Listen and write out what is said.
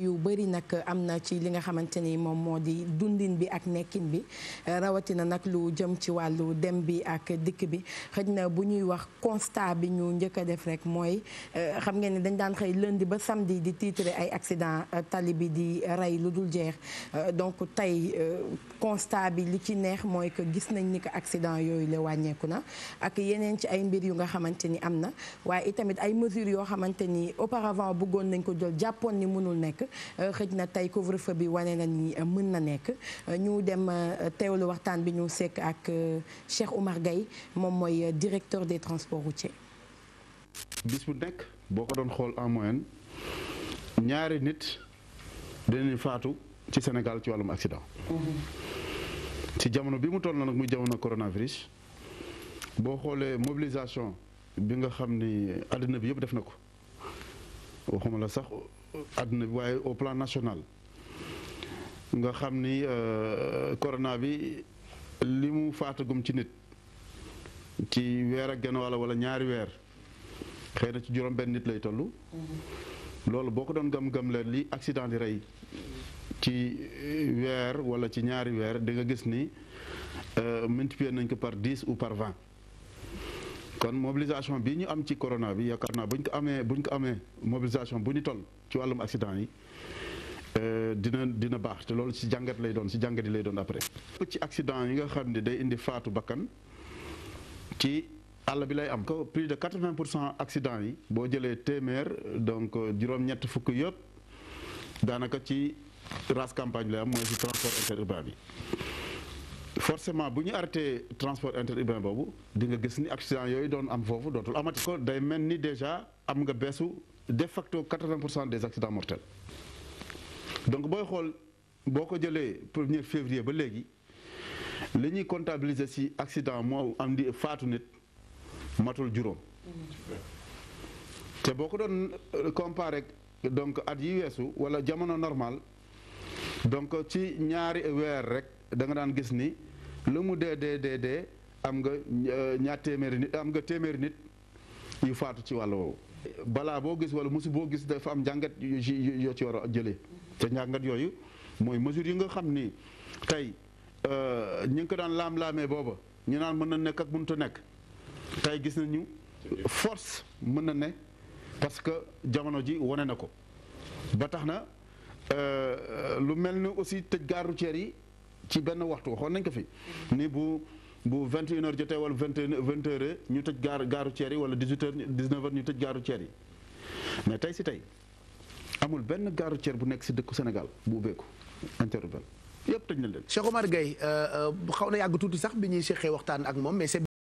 yu bëri nag am na ci li nga xamante ni moom moo di dundin bi ak nekkin bi rawatina nag lu jëm ci wàllu dem bi ak dikk bi xëj na bu ñuy wax constat bi ñu njëkk a def rek mooy euh, xam ngeen ni dañ daan xëy lundi ba samedi di titre ay accident euh, tali bi di rey lu dul jeex euh, donc tey constat bi li ci neex mooy que gis nañ ni que accident yooyu la wàññeeku na ak yeneen ci ay mbir yu nga xamante ni am na waaye itamit ay mesures yoo xamante ni auparavant buggoon nañ ko jol jàppoon ni mënul nekk Euh, xejna tay couvre-feu bi wané na ni euh, mën na nek euh, ñu dem téwlu waxtaan bi ñu sék ak Cheikh Oumar gay mom moy directeur des transports routiers bis bu nek boko don xol en moyenne ñaari nit dinañu faatu ci Sénégal ci walum accident mhm. ci jamono bi mu toll nak nag muy jamono coronavirus bo xolé mobilisation bi nga xam ni àddina bi yëpp def na waxuma la sax àdduna bi waaye au plan national nga xam ni euh, corona bi li mu faatagum ci nit ci weer ak genn wàll wala ñaari weer xëy na ci juróom benn nit lay toll mm-hmm. loolu boo ko doon gam-gam leen li accident di rey ci weer wala ci ñaari weer di nga gis ni euh, multiplier nañ ko par dix ou par vingt kon mobilisation bi ñu am ci corona bi yaakaar naa bu ñu ko amee buñ ñu ko amee mobilisation bu ñu toll ci wàllum accident yi euh, dina dina baax te loolu si jàngat lay doon si jàngat yi lay doon après. ci accident yi nga xam ne day indi faatu bakkan ci àll bi lay am. ko plus de 80 pour cent accident yi boo jëlee téeméer donc euh, juróom-ñett fukk yëpp daanaka ci race campagne lay am mooy si transport interurbain bi. forcément buñu arrêté transport interurbain bobu di nga gis ni accident yoy doon am fofu dotul amati ko day melni ni déjà am nga beesu de facto 80 des accidents mortels donc boy xol boko jëlé 1 premier février ba légui liñuy comptabiliser ci accident mo am di fatu nit matul juroom té boko doon euh, comparer donc at yi wessu wala jamono normal donc ci ñaari wër rek da nga daan gis ni lu mu dee dee dee dee am nga euh, ñaar téeméeri nit am nga téeméeri nit yu faatu ci wàll woowu. balaa boo gis wala mosu boo gis dafa am njàngat yu yoo ci war a jëlee te njàngat yooyu mooy mesure yi nga xam ni tey euh, ñu ngi ko daan laam laame booba ñu naan mën na nekk ak mënut nekk tey gis nañu force mën na ne parce que jamono ji wane na ko ba tax na euh, lu mel ni aussi tëj gaaru routière yi. ci benn waxtu waxoon nañ ko fi ni bu bu 21 heures jotee wala 21 20 ñu tëj gaar gaaru ceer yi wala 18 heures 19 heures ñu tëj gaaru ceer yi mais tey si tey amul benn gaaru ceer bu nekk si dëkku Sénégal bu ubbeeku interurbaine yëpp tëj na leen. Cheikh Omar Gueye euh, euh, xaw na yàgg tuuti sax bi ñuy seqee waxtaan ak moom mais